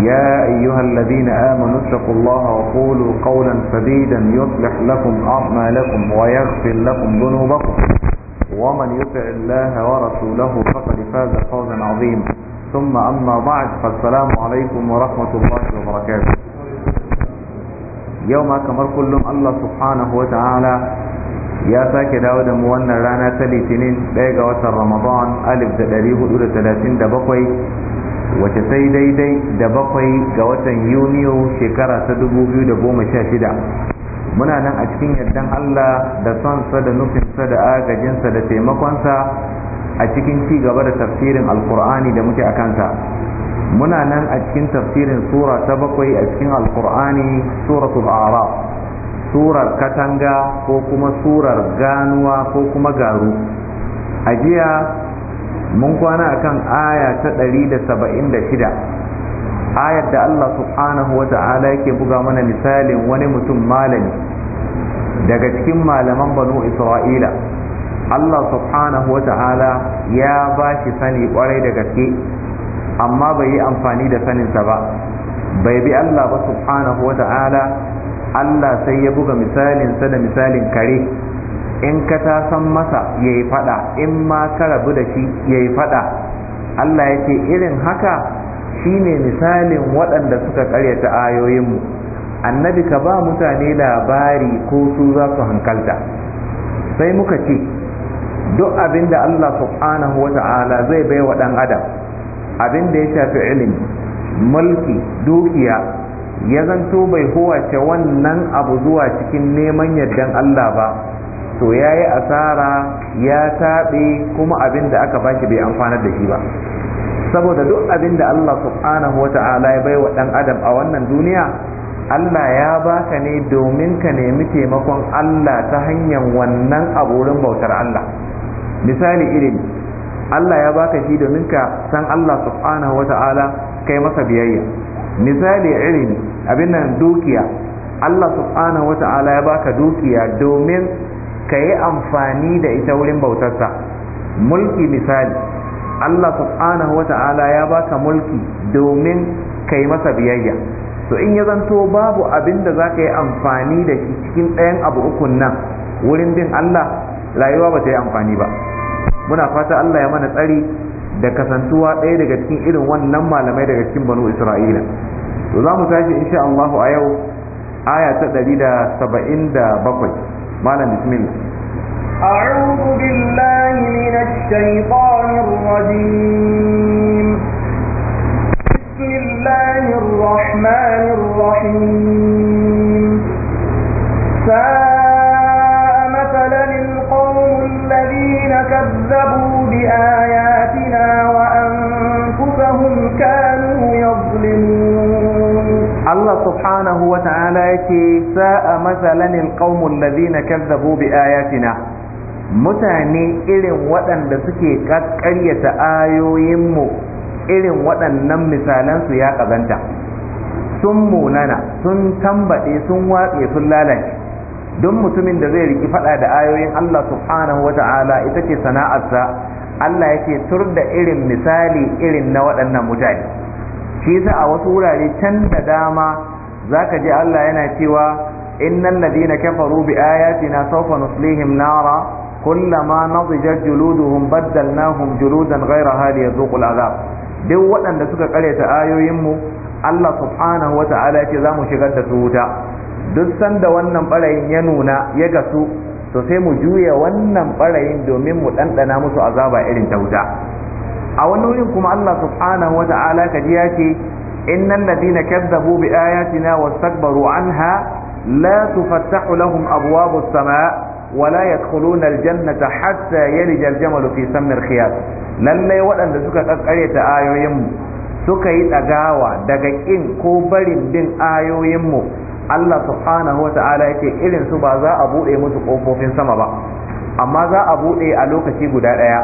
يا أيها الذين آمنوا اتقوا الله وقولوا قولا سديدا يصلح لكم أعمالكم ويغفر لكم ذنوبكم ومن يطع الله ورسوله فقد فاز فوزا عظيما ثم أما بعد فالسلام عليكم ورحمة الله وبركاته يوم كمر كلهم الله سبحانه وتعالى يا ساكي داود موانا رانا تلي تنين بيقى litinin رمضان ألف دلاليه دولة تلاتين دبقوي wace sai daidai da bakwai ga watan yuniyo shekara ta sha shida? muna nan a cikin yardan allah da sonsa da nufinsa da agajinsa da taimakonsa a cikin ci gaba da tafsirin alkur'ani da muke a kansa muna nan a cikin tafsirin sura ta bakwai a cikin alkur'ani suratul araf surar katanga ko kuma surar ganuwa ko kuma garu a jiya mun kwana akan aya ta 176 ayar da Allah subhanahu wa ta'ala yake buga mana misalin wani mutum malami daga cikin malaman banu isra'ila Allah subhanahu wa ta'ala ya ba shi sani kwarai da gaske amma bai yi amfani da saninsa ba bai bi Allah ba subhanahu wa ta'ala Allah sai ya buga misalinsa da misalin kare in ka san masa ya yi fada in ma ka rabu da shi ya yi fada Allah ya ce irin haka shine misalin waɗanda suka karyata ayoyinmu annabi ka ba mutane labari ko su za su hankalta sai muka ce duk abin da Allah subhanahu wa ta'ala zai bai wa ɗan adam abin da ya shafi ilimi mulki dukiya ya zanto bai huwace wannan abu zuwa cikin neman yardan Allah ba to ya yi asara ya taɓe kuma abin da aka bashi bai amfanar da shi ba saboda duk abin da Allah subhanahu wa ta'ala ya bai wa ɗan adam a wannan duniya Allah ya baka ne domin ka nemi taimakon Allah ta hanyar wannan aburin bautar Allah misali irin Allah ya baka shi domin ka san Allah subhanahu wa ta'ala kai masa biyayya misali irin abin nan dukiya Allah subhanahu wa ta'ala ya baka dukiya domin ka yi amfani da ita wurin bautarsa mulki misali Allah subhanahu wa ta'ala ya baka mulki domin ka yi masa biyayya to in ya zanto babu abin da za ka yi amfani da shi cikin ɗayan abu ukun nan wurin bin Allah rayuwa ba ta yi amfani ba muna fata Allah ya mana tsari da kasantuwa ɗaya daga cikin irin wannan malamai daga cikin banu isra'ila to za mu tashi insha Allahu a yau aya ta 177 بسم الله أعوذ بالله من الشيطان الرجيم بسم الله الرحمن الرحيم ساء مثلا القوم الذين كذبوا بآياتنا وأنفسهم كانوا Allah subhanahu wa ta'ala yake sa'a masalan alqaumul ladina kazzabu bi ayatina mutane irin waɗanda suke ƙaryata ayoyinmu irin waɗannan misalansu ya ƙazanta sun munana sun tambaɗe sun watse sun lalace don mutumin da zai riki faɗa da ayoyin Allah subhanahu wata'ala ita ce sana'arsa Allah yake tur da irin misali irin na waɗannan mutane shi yasa a wasu wurare can da dama zaka ji Allah yana cewa innal ladina kafaru bi ayatina sawfa nuslihim nara kullama nadijat juluduhum baddalnahum juludan ghayraha liyadhuqu al'adab duk waɗanda suka karyata ayoyin mu Allah subhanahu wa ta'ala ce za mu shigar da su wuta duk sanda wannan barayin ya nuna ya gasu to sai mu juya wannan barayin domin mu ɗanɗana musu azaba irin ta wuta a wani wurin kuma Allah subhanahu wa ta'ala kaji ya ce innal ladina kadzabu bi ayatina wastakbaru anha لا تفتح lahum أبواب السماء ولا يدخلون الجنة حتى يلج الجمل في سم الخياط lallai waɗanda suka ƙaƙƙaryata ayoyinmu suka yi ɗagawa daga ƙin ko barin bin ayoyinmu Allah subhanahu wata'ala yake irin su ba za a buɗe musu ƙofofin sama ba amma za a buɗe a lokaci guda ɗaya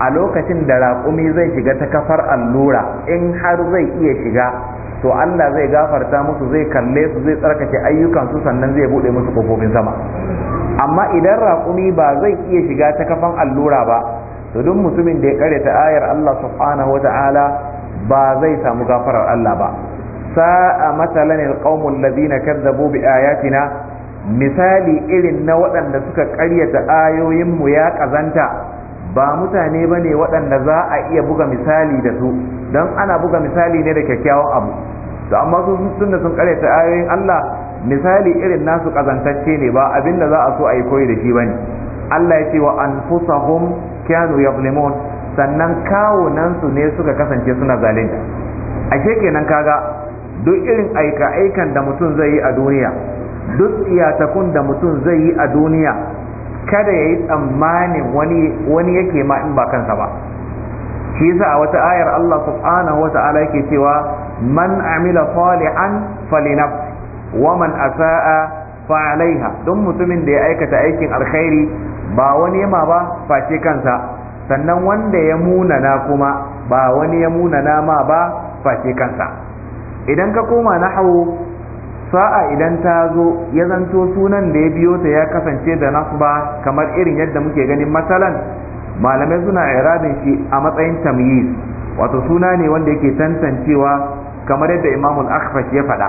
a lokacin da raƙumi zai shiga ta kafar allura in har zai iya shiga to Allah zai gafarta musu zai kalle su zai tsarkake ayyukansu sannan zai buɗe musu kofofin sama amma idan raƙumi ba zai iya shiga ta kafan allura ba to duk mutumin da ya kare ta ayar Allah subhanahu wata'ala ba zai samu gafarar Allah ba sa'a matalan alqaumul ladina kadzabu bi ayatina misali irin na waɗanda suka ƙaryata ayoyinmu ya ƙazanta ba mutane ba ne waɗanda za a iya buga misali da su don ana buga misali ne da kyakkyawan abu to amma su da sun karyata ayoyin Allah misali irin nasu kazantacce ne ba abin da za a so a yi koyi da shi bane Allah ya ce wa anfusahum kanu yadhlimun sannan kawunansu su ne suka kasance suna zalunta ashe kenan kaga duk irin aika aikan da mutum zai yi a duniya duk iyatakun da mutum zai yi a duniya kada ya yi tsammanin wani yake ma in ba kansa ba shi yasa a wata ayar Allah subhanahu wata'ala yake cewa man amila salihan falinaf wa man asa'a fa alaiha don mutumin da ya aikata aikin alkhairi ba wani ma ba face kansa sannan wanda ya munana kuma ba wani ya munana ma ba face kansa idan ka koma nahwu sa'a idan ta zo ya zanto sunan da ya biyo ta ya kasance da nasba kamar irin yadda muke ganin matsalan malamai suna iradin shi a matsayin tamyiz wato suna ne wanda yake tantancewa kamar yadda imamul akhfas ya faɗa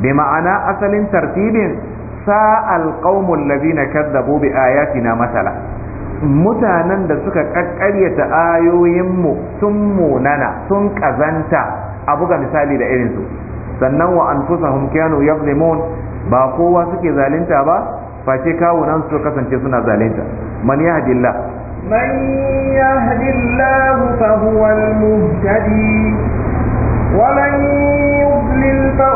bi ma'ana asalin tartibin sa'al qaumul ladina kadzabu bi ayatina masala mutanen da suka kakkaryata mu sun munana sun kazanta a buga misali da irinsu sannan wa anfusahum kanu yazlimun ba kowa suke zalunta ba face kawunan su kasance suna zalunta man yahdillah man yahdillah fa huwa al-muhtadi wa man yudlil fa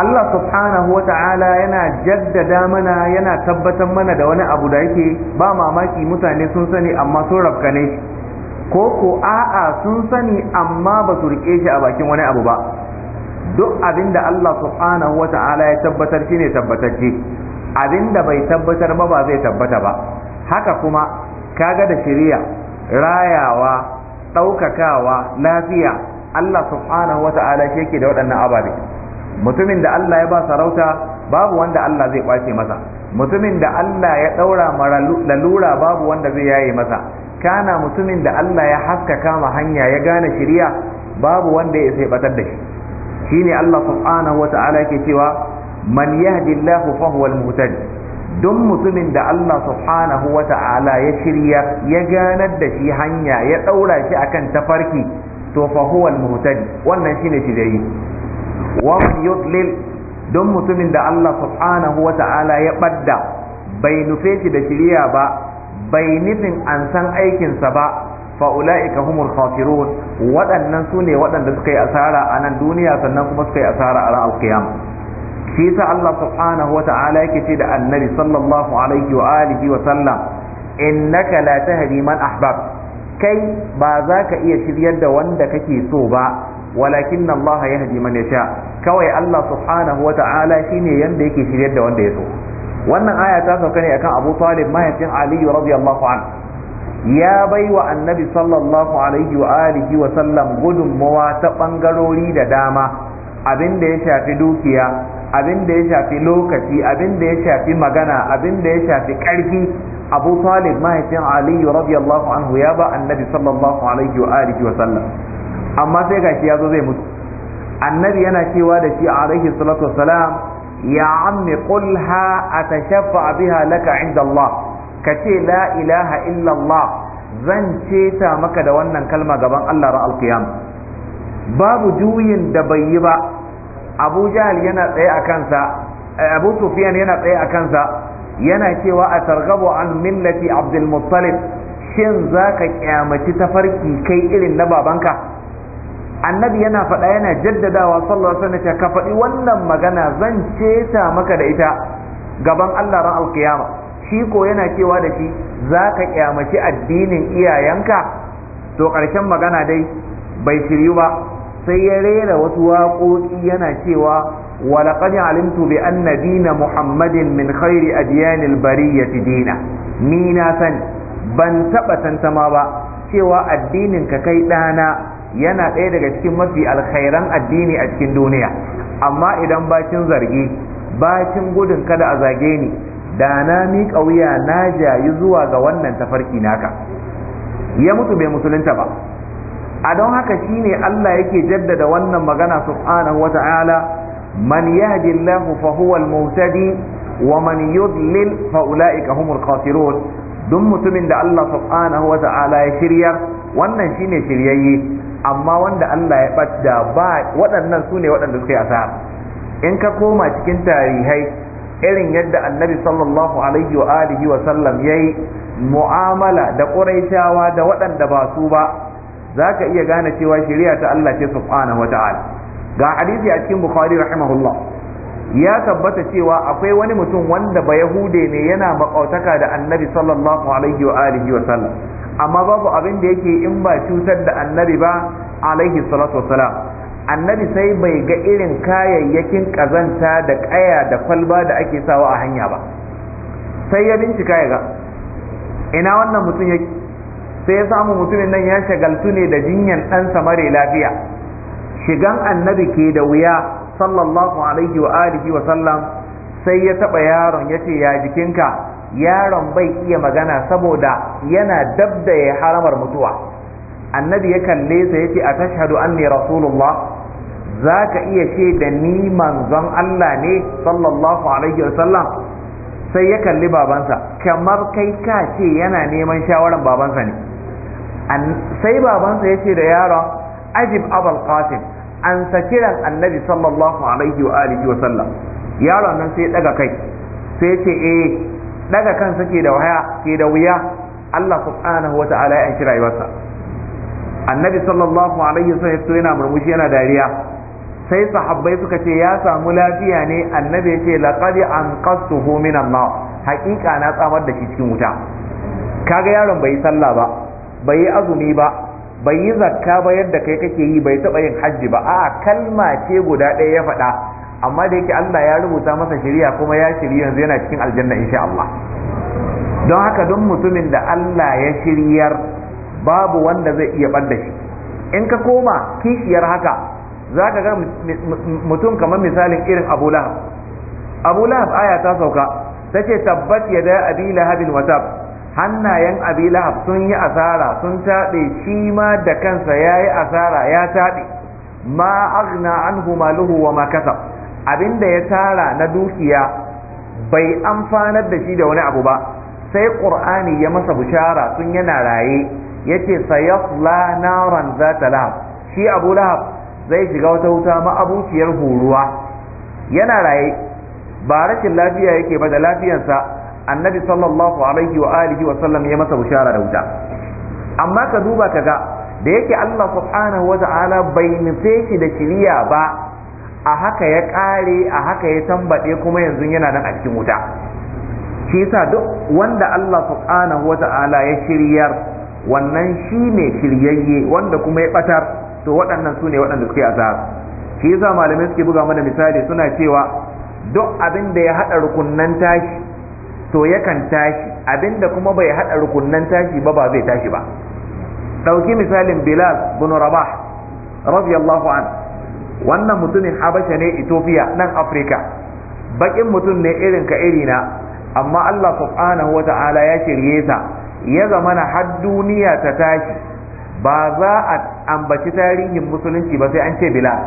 Allah subhanahu wa ta'ala yana jaddada mana yana tabbatar mana da wani abu da yake ba mamaki mutane sun sani amma sun rafkane ko ko a'a sun sani amma ba su rike shi a bakin wani abu ba duk abin da Allah subhanahu wa ta'ala ya tabbatar shi ne tabbatacce abin da bai tabbatar ba ba zai tabbata ba haka kuma kaga da shiriya rayawa ɗaukakawa lafiya Allah subhanahu wa ta'ala shi yake da waɗannan ababe mutumin da Allah ya ba sarauta babu wanda Allah zai kwace masa mutumin da Allah ya ɗaura mara lalura babu wanda zai yaye masa kana mutumin da Allah ya haskaka ma hanya ya gane shirya babu wanda ya sai batar da shi shine Allah subhanahu wata'ala ke cewa man yahdillahu fa huwal muhtadi duk mutumin da Allah subhanahu wata'ala ya shirya ya ganar da shi hanya ya ɗaura shi akan tafarki to fa huwal muhtadi wannan shine shiriyi wa man yudlil don mutumin da Allah subhanahu wa ta'ala ya ɓadda bai nufe shi da shirya ba bai nufin an san aikinsa ba fa'ula'ika humul khasirun waɗannan su ne waɗanda suka yi asara a nan duniya sannan kuma suka yi asara a ran alkiyama shi yasa Allah subhanahu wa ta'ala yake ce da annabi sallallahu alaihi wa alihi wa sallam innaka la tahdi man ahbab kai ba za ka iya shiryar da wanda kake so ba walakin Allah yahdi ya yasha kawai Allah subhanahu wa ta'ala shine yadda yake shiryar da wanda ya so wannan aya ta sauka akan Abu Talib mahaifin Ali radiyallahu an ya bai wa annabi sallallahu alaihi wa alihi wa sallam gudunmawa ta bangarori da dama abin da ya shafi dukiya abin da ya shafi lokaci abin da ya shafi magana abin da ya shafi karfi abu talib mahaifin aliyu radiyallahu anhu ya ba annabi sallallahu alaihi wa sallam amma sai shi ya zo zai mutu annabi yana cewa da shi alaihi salatu wassalam ya ammi qul ha atashaffa biha laka inda Allah ka ce la ilaha illa Allah zan ceta maka da wannan kalma gaban Allah ra'al qiyam babu juyin da bai yi ba Abu Jahal yana tsaye a kansa eh, Abu Sufyan yana tsaye a kansa yana cewa a targabu an millati Abdul Muttalib shin zaka kyamaci tafarki kai irin na babanka annabi yana faɗa yana jaddadawa sallallahu alaihi wasallam ka faɗi wannan magana zan ceta maka da ita gaban Allah ran alkiyama shi ko yana cewa da shi zaka kyamaci addinin iyayenka to ƙarshen magana dai bai shiryu ba sai ya rera wasu waƙoƙi yana cewa ولقد علمت بأن دين محمد من خير أديان dina ni na san ban taɓa tantama ba cewa addinin ka kai ɗana yana ɗaya daga cikin mafi alkhairan addini a cikin duniya amma idan bakin zargi bakin gudun kada a zage ni da na miƙa wuya na jayi zuwa ga wannan tafarki naka ya mutu bai musulunta ba a don haka shine Allah yake jaddada wannan magana subhanahu wata'ala man yahdi Allah fa huwa al-muhtadi wa man yudlil fa ulaika humul khasirun duk mutumin da Allah subhanahu wata'ala ya shiryar wannan shine shiryayye amma wanda Allah ya da ba waɗannan su ne waɗanda suka yi asara in ka koma cikin tarihai irin yadda annabi sallallahu alaihi wa alihi wa sallam yayi mu'amala da ƙuraishawa da waɗanda ba su ba zaka iya gane cewa shari'a ta Allah ce subhanahu wa ga hadisi a cikin bukhari rahimahullah ya tabbata cewa akwai wani mutum wanda ba yahude ne yana makautaka da annabi sallallahu alaihi wa alihi wa sallam amma babu abin da yake in ba cutar da annabi ba alaihi salatu salam annabi sai bai ga irin kayayyakin kazanta da kaya da kwalba da ake sawa a hanya ba sai ya bincika ya ga ina wannan mutum yake sai ya samu mutumin nan ya shagaltu ne da jinyan ɗansa mare lafiya shigan annabi ke da wuya sallallahu alaihi wa alihi wa sallam sai ya taɓa yaron ya ce ya jikinka yaron bai iya magana saboda yana dab ya haramar mutuwa annabi ya kalle sa yace a tashhadu anni rasulullah zaka iya ce da ni manzon Allah ne sallallahu alaihi wa sallam sai ya kalli babansa kamar kai ka ce yana neman shawaran babansa ne sai babansa ya ce da yaron ajib abul qasim an sa kiran annabi sallallahu alaihi wa alihi wa sallam yaron nan sai daga kai sai ce eh daga kansa ke da waya ke da wuya Allah subhanahu wa ta'ala ya anshi rayuwarsa annabi sallallahu alaihi wa sallam yana murmushi yana dariya sai sahabbai suka ce ya samu lafiya ne annabi ce laqad anqasuhu min Allah haƙiƙa na tsamar da shi cikin wuta kaga yaron bai sallah ba bai yi azumi ba bai yi zakka ba yadda kai kake yi bai taɓa yin hajji ba a'a kalma ce guda ɗaya ya faɗa amma da yake Allah ya rubuta masa shari'a kuma ya shirya yanzu yana cikin aljanna insha Allah don haka don mutumin da Allah ya shiryar babu wanda zai iya ɓadda shi in ka koma kishiyar haka za ka ga mutum kamar misalin irin Abu Lahab Abu Lahab aya ta sauka ta ce tabbat ya da abi lahabin watab hannayen abi lahab sun yi asara sun taɗe shi ma da kansa ya yi asara ya taɗe ma aghna anhu maluhu wa ma kasab abinda ya tara na dukiya bai amfanar da shi da wani abu ba sai qur'ani ya masa bushara sun yana raye yace sayasla naran zata lahab shi abu lahab zai shiga wata wuta ma'abuciyar horuwa yana raye ba rashin lafiya yake ba da lafiyarsa annabi sallallahu alaihi wa alihi wa sallam ya masa bushara da wuta amma ka duba ka ga da yake Allah subhanahu wa ta'ala bai nufe shi da shiriya ba a haka ya kare a haka ya tambaɗe kuma yanzu yana nan a cikin wuta shi yasa duk wanda Allah subhanahu wa ta'ala ya shiryar wannan shi ne shiryayye wanda kuma ya batar to waɗannan su ne waɗanda suke azab shi yasa malamai suke buga mana misali suna cewa duk abin da ya haɗa rukunnan tashi to yakan tashi abinda kuma bai hada rukunnan tashi ba ba zai tashi ba dauki misalin bilal bin rabah radiyallahu an wannan mutumin habasha ne ethiopia nan afirka bakin mutum ne irin ka iri na, amma allah subhanahu wa ta'ala ya shirye sa ya na har duniya ta tashi ba za a ambaci tarihin musulunci ba sai an ce bilal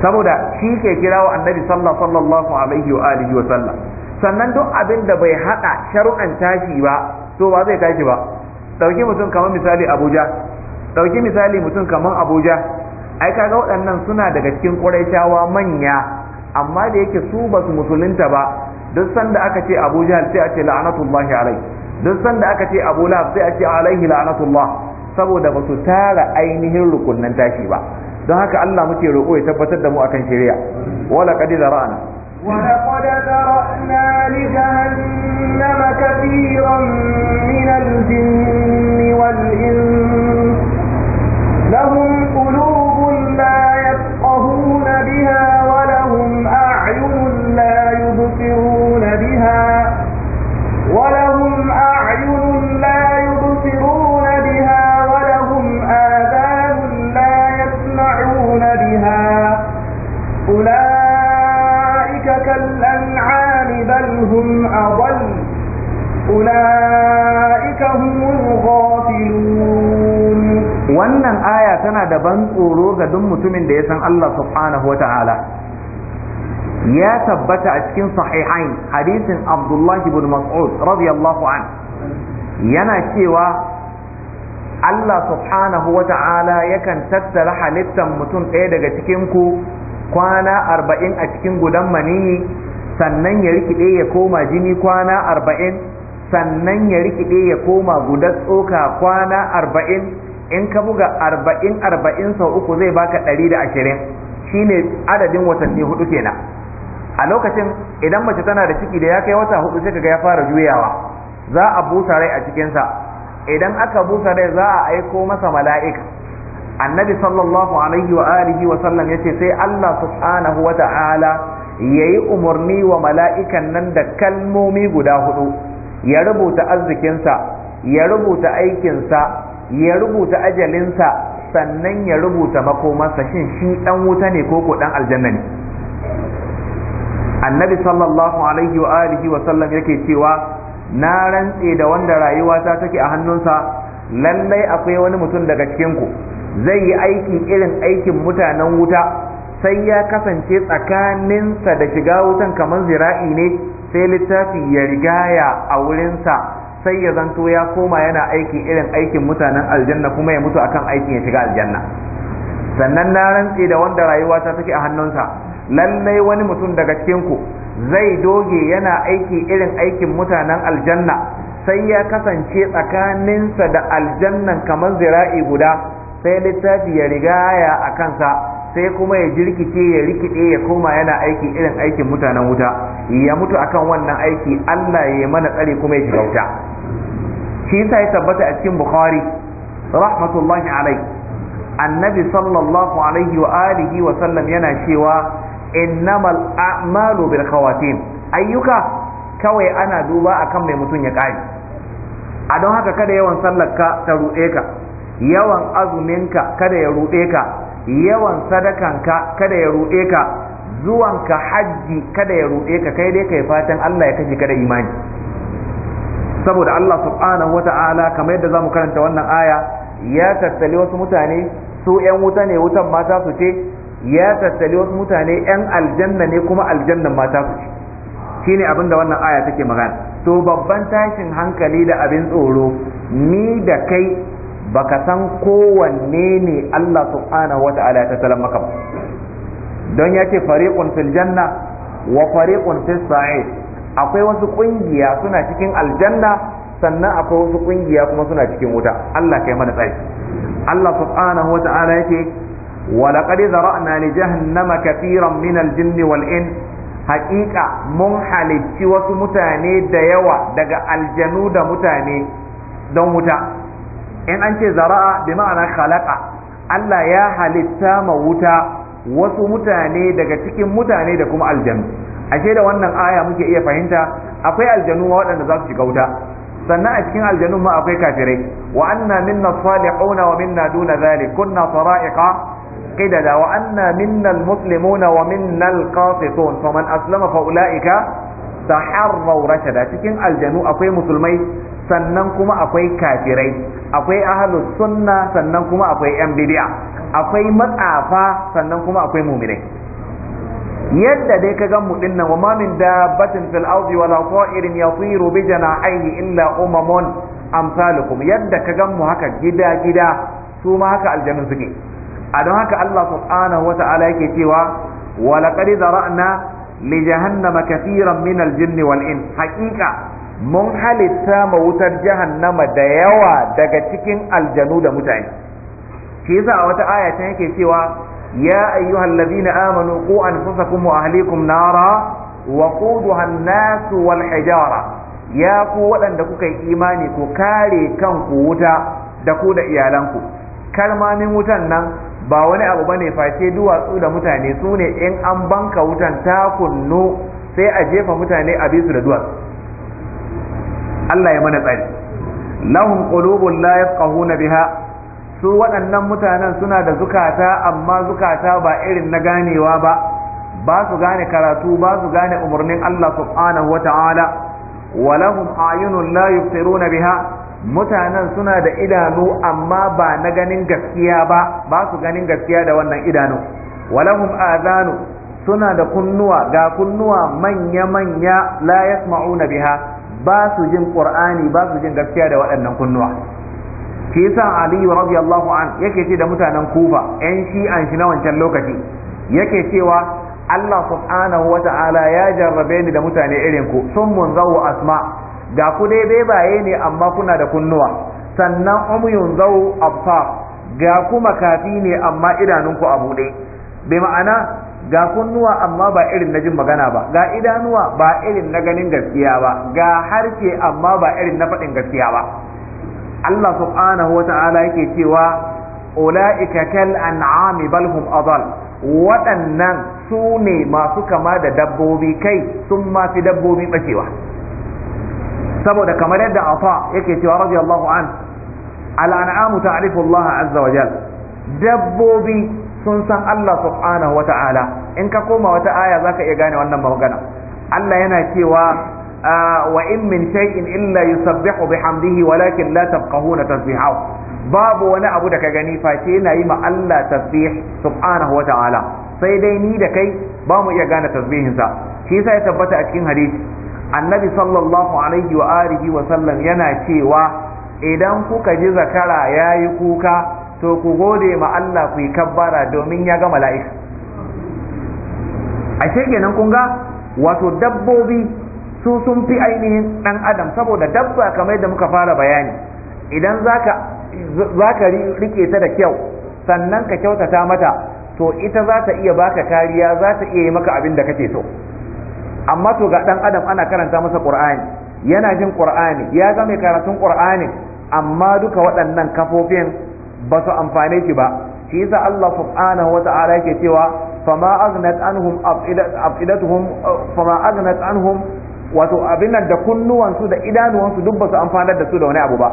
saboda shi ke kirawo annabi sallallahu alaihi wa alihi wa sallam sannan duk abin da bai haɗa sharuɗan tashi ba to ba zai tashi ba ɗauki mutum kamar misali abuja dauki misali mutum kamar abuja ai kaga waɗannan suna daga cikin ƙuraishawa manya amma da yake su ba su musulunta ba duk sanda aka ce abuja sai a ce la'anatullahi alai duk sanda aka ce abu sai a ce alaihi la'anatullah saboda ba su tara ainihin rukunnan tashi ba don haka allah muke roƙo ya tabbatar da mu akan shari'a wala qad zara'ana ولقد ذرأنا لجهنم Allah subhanahu wata'ala ya tabbata a cikin sahihain hadisin Abdullahi ibn Mas'ud radiyallahu an yana cewa Allah subhanahu wata'ala yakan tattara halittar mutum ɗaya daga cikin ku kwana arba'in a cikin gudan maniyi sannan ya rikide ya koma jini kwana arba'in sannan ya rikide ya koma gudan tsoka kwana arba'in in ka buga arba'in arba'in sau uku zai baka ɗari da ashirin Shi ne adadin watanni hudu kenan a lokacin idan mace tana da ciki da ya kai wata hudu sai kaga ya fara juyawa za a busa rai a cikinsa idan aka busa rai za a aiko masa mala'ika annabi sallallahu alaihi wa alihi wa sallam yace sai Allah subhanahu wa ta'ala yayi umarni wa mala'ikan nan da kalmomi guda hudu ya rubuta arzikinsa ya rubuta aikinsa ya rubuta ajalinsa sannan ya rubuta makomarsa shin shi dan wuta ne ko ko dan aljanna ne annabi sallallahu alaihi wa alihi wa sallam yake cewa na rantse da wanda rayuwa ta take a hannunsa lallai akwai wani mutum daga cikin ku zai yi aiki irin aikin mutanen wuta sai ya kasance tsakaninsa da shiga wutan kamar zira'i ne sai littafi ya rigaya a wurinsa sai ya zanto ya koma yana aiki irin aikin mutanen aljanna kuma ya mutu akan aikin ya shiga aljanna sannan na rantse da wanda rayuwa ta take a hannunsa lallai wani mutum daga cikin ku zai doge yana aiki irin aikin mutanen aljanna sai ya kasance tsakaninsa da aljannan kamar zira'i guda sai littafi ya rigaya a kansa sai kuma ya jirkice ya rikide ya koma yana aiki irin aikin mutanen wuta ya mutu akan wannan aiki Allah ya yi mana tsare kuma ya shiga wuta shi yasa ya tabbata a cikin bukhari rahmatullahi alai annabi sallallahu alaihi wa alihi wa sallam yana cewa innamal a'malu bil khawatim ayyuka kawai ana duba akan mai mutum ya kare a don haka kada yawan sallar ka ta ruɗe ka yawan azuminka kada ya ruɗe ka yawan sadakanka kada ya ruɗe ka zuwanka hajji kada ya ruɗe ka kai dai kai fatan Allah ya kashe ka da imani saboda Allah subhanahu wa ta'ala kamar yadda zamu karanta wannan aya ya tattali wasu mutane su yan wuta ne wutan mata su ce ya tattali wasu mutane yan aljanna ne kuma aljannan mata su ce shine abin da wannan aya take magana to babban tashin hankali da abin tsoro ni da kai baka san kowanne ne Allah subhanahu wa ta'ala ya tattalan maka ba don ya ce fariqun fil janna wa fariqun fis sa'id akwai wasu kungiya suna cikin aljanna sannan akwai wasu kungiya kuma suna cikin wuta Allah kai mana tsari Allah subhanahu wa ta'ala yake wa laqad zara'na li jahannama kathiran min al-jinni wal in haqiqa mun halicci wasu mutane da yawa daga aljanu da mutane don wuta in an ce zara'a bi ma'ana khalaqa Allah ya halitta ma wuta wasu mutane daga cikin mutane da kuma aljanu ashe da wannan aya muke iya fahimta akwai aljanu ma waɗanda za su shiga wuta sannan a cikin aljanu ma akwai kafirai wa anna minna salihuna wa minna duna zalik kunna sara'iqa qidada wa anna minna muslimuna wa minna alqasitun faman aslama fa ulaika taharraw da cikin aljanu akwai musulmai sannan kuma akwai kafirai akwai ahlus sunna sannan kuma akwai yan bid'a akwai matsafa sannan kuma akwai mu'minai yadda dai ka gan mu nan wa ma min dabbatin fil ardi wala ta'irin yatiru bi jana'ihi illa umamun amsalukum yadda ka gan mu haka gida gida su ma haka aljanu suke a don haka Allah subhanahu wa ta'ala yake cewa wa laqad zara'na li jahannama kathiran min al-jinni wal in haqiqa mun halitta ma wutar jahannama da yawa daga cikin aljanu da mutane shi yasa a wata aya ta yake cewa ya ayyuhal ladina amanu qu anfusakum wa ahlikum nara wa quduha an-nas wal hijara ya ku waɗanda kuka yi imani ku kare kanku wuta da ku da iyalanku kalmamin wutan nan ba wani abu bane face duwatsu da mutane su ne in an banka wutan ta kunno sai a jefa mutane a bisu da duwatsu Allah ya mana tsari lahum qulubun la yafqahuna biha su waɗannan mutanen suna da zukata amma zukata ba irin na ganewa ba ba su gane karatu ba su gane umarnin Allah subhanahu wa ta'ala wa lahum ayunun la yubsiruna biha mutanen suna da idanu amma ba na ganin gaskiya ba ba su ganin gaskiya da wannan idanu walahum azanu suna da kunnuwa ga kunnuwa manya-manya la yasma'una biha ba su jin qur'ani ba su jin gaskiya da waɗannan kunnuwa shi yasa ali radiyallahu an yake ce da mutanen kufa yan shi an shi na wancan lokaci yake cewa Allah subhanahu wa ta'ala ya jarrabe ni da mutane irin ku sun mun zawo asma' ga ku dai bebaye ne amma kuna da kunnuwa sannan umyun zau absar ga ku makafi ne amma idanunku a buɗe bai ma'ana ga kunnuwa amma ba irin na jin magana ba ga idanuwa ba irin na ganin gaskiya ba ga harke amma ba irin na faɗin gaskiya ba Allah subhanahu wa ta'ala yake cewa ula'ika kal an'ami bal hum adal waɗannan su ne masu kama da dabbobi kai sun ma fi dabbobi bacewa saboda kamar yadda afa yake cewa radiyallahu an al'an'amu ta'rifu Allah azza wa jal dabbobi sun san Allah subhanahu wa ta'ala in ka koma wata aya zaka iya gane wannan magana Allah yana cewa ah, wa in min shay'in illa yusabbihu bihamdihi walakin la tafqahuna tasbihahu babu wani abu da ka gani face yana yi ma Allah tasbih subhanahu wa ta'ala sai dai ni da kai ba mu iya gane tasbihinsa shi yasa ya tabbata a cikin hadisi annabi sallallahu alaihi wa alihi wa sallam yana cewa idan kuka ji zakara yayi kuka to ku gode ma Allah ku yi kabbara domin ya ga mala'ika a kenan kun ga wato dabbobi su sun fi ainihin dan adam saboda dabba kamar yadda muka fara bayani idan zaka zaka rike ta da kyau sannan ka kyautata mata to ita za ta iya baka kariya za ta iya yi maka abin da kake so amma to ga dan adam ana karanta masa qur'ani yana jin qur'ani ya ga mai karatun qur'ani amma duka waɗannan kafofin ba su amfane shi ba shi yasa Allah subhanahu wa ta'ala yake cewa fama aghnat anhum afidatuhum fama aghnat anhum wato abin da kunnuwansu da idanuwansu duk ba su amfanar da su da wani abu ba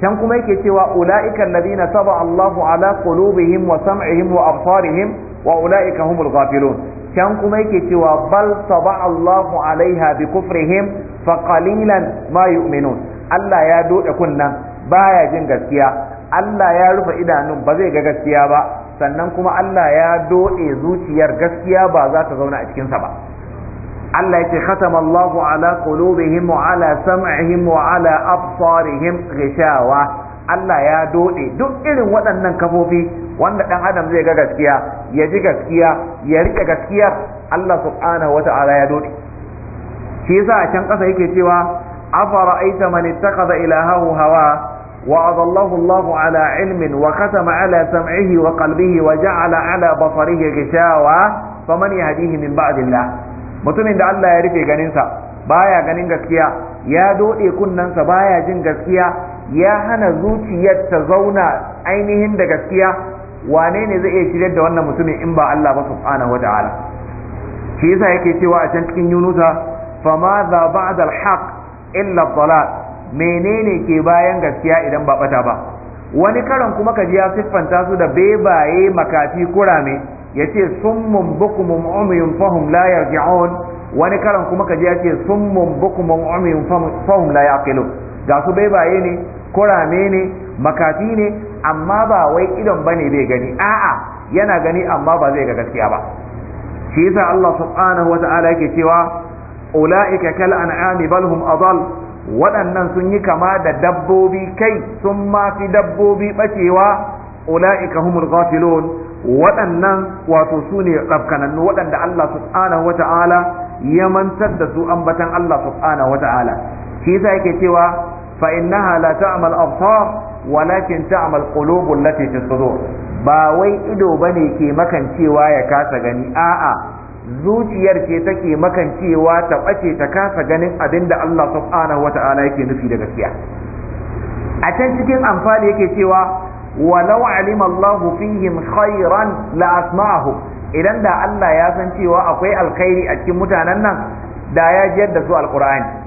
can kuma yake cewa ulaika alladhina saba Allahu ala qulubihim wa sam'ihim wa absarihim wa ulaika humul ghafilun can kuma yake cewa bal taba Allahu alaiha bi kufrihim fa qalilan ma yu'minun Allah ya doda kunnan baya jin gaskiya Allah ya rufe idanu ba zai ga gaskiya ba sannan kuma Allah ya doɗe zuciyar gaskiya ba za zauna a cikinsa ba Allah yake khatama Allahu ala qulubihim wa ala sam'ihim wa ala absarihim ghishawa Allah ya dode duk irin waɗannan kafofi wanda ɗan adam zai ga gaskiya ya ji gaskiya ya riƙe gaskiya Allah subhanahu ta'ala ya dode shi yasa a can ƙasa yake cewa afara'aita man ittakhadha ilahahu hawa wa adallahu Allah ala ilmin wa khatama ala sam'ihi wa qalbihi wa ja'ala ala basarihi ghishawa faman yahdihi min ba'dillah mutumin da Allah ya rufe ganinsa baya ganin gaskiya ya dode kunnensa baya jin gaskiya ya hana zuciyar ta zauna ainihin da gaskiya wane ne zai iya shiryar da wannan mutumin in ba Allah ba subhanahu wata'ala shi yasa yake cewa a can cikin yunusa fama za ba'da al-haq illa dhalal menene ke bayan gaskiya idan ba bata ba wani karan kuma kaji ya siffanta su da bebaye makafi kurame yace summun bukumum umyun fahum la yarji'un wani karan kuma kaji ya ce summun bukumum umyun fahum la yaqilun ga su bebaye ne kurame ne makafi ne amma ba wai idon bane bai gani a'a yana gani amma ba zai ga gaskiya ba shi yasa Allah subhanahu wata'ala yake cewa ulaika kal an'ami bal hum waɗannan sun yi kama da dabbobi kai sun ma fi dabbobi bacewa ulaika humul ghafilun waɗannan wato su ne tsafkanannu waɗanda Allah subhanahu wata'ala ya mantar da su ambatan Allah subhanahu wata'ala shi yasa yake cewa فإنها لا تعمى الأبصار ولكن تعمى القلوب التي في الصدور ba wai ido bane ke makancewa ya kasa gani a'a zuciyar ce take makancewa ta ɓace ta kasa ganin abin da Allah subhanahu wata'ala yake nufi da gaskiya a can cikin amfani yake cewa walau alima Allahu fihim khairan la asma'ahum idan da Allah ya san cewa akwai alkhairi a cikin mutanen nan da ya jiyar da su alqur'ani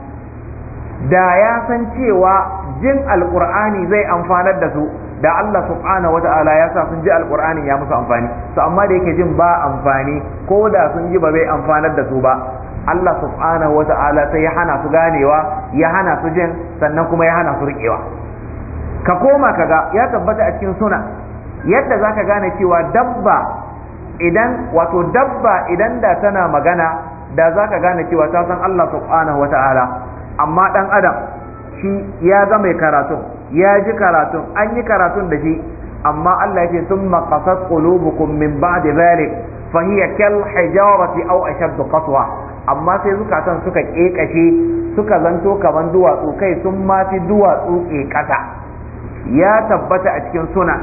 da ya san cewa jin alqur'ani zai amfanar da su da Allah subhanahu wata'ala ya sa sun ji alqur'ani ya musu amfani su amma da yake jin ba amfani ko da sun ji ba zai amfanar da su ba Allah subhanahu wata'ala sai ya hana su ganewa ya hana su jin sannan kuma ya hana su riƙewa ka koma ka ga. ya tabbata a cikin suna yadda zaka gane cewa dabba idan wato dabba idan da tana magana da zaka gane cewa ta san Allah subhanahu wata'ala amma ɗan adam shi ya ga mai karatun ya ji karatun an yi karatun da shi amma Allah ya ce sun maƙasar ƙulubukun min ba'di zalik fa hiya kal au aw ashad qaswa amma sai zukatan suka ƙeƙashe suka zanto kaman duwatsu kai sun mafi duwatsu ƙeƙasa ya tabbata a cikin suna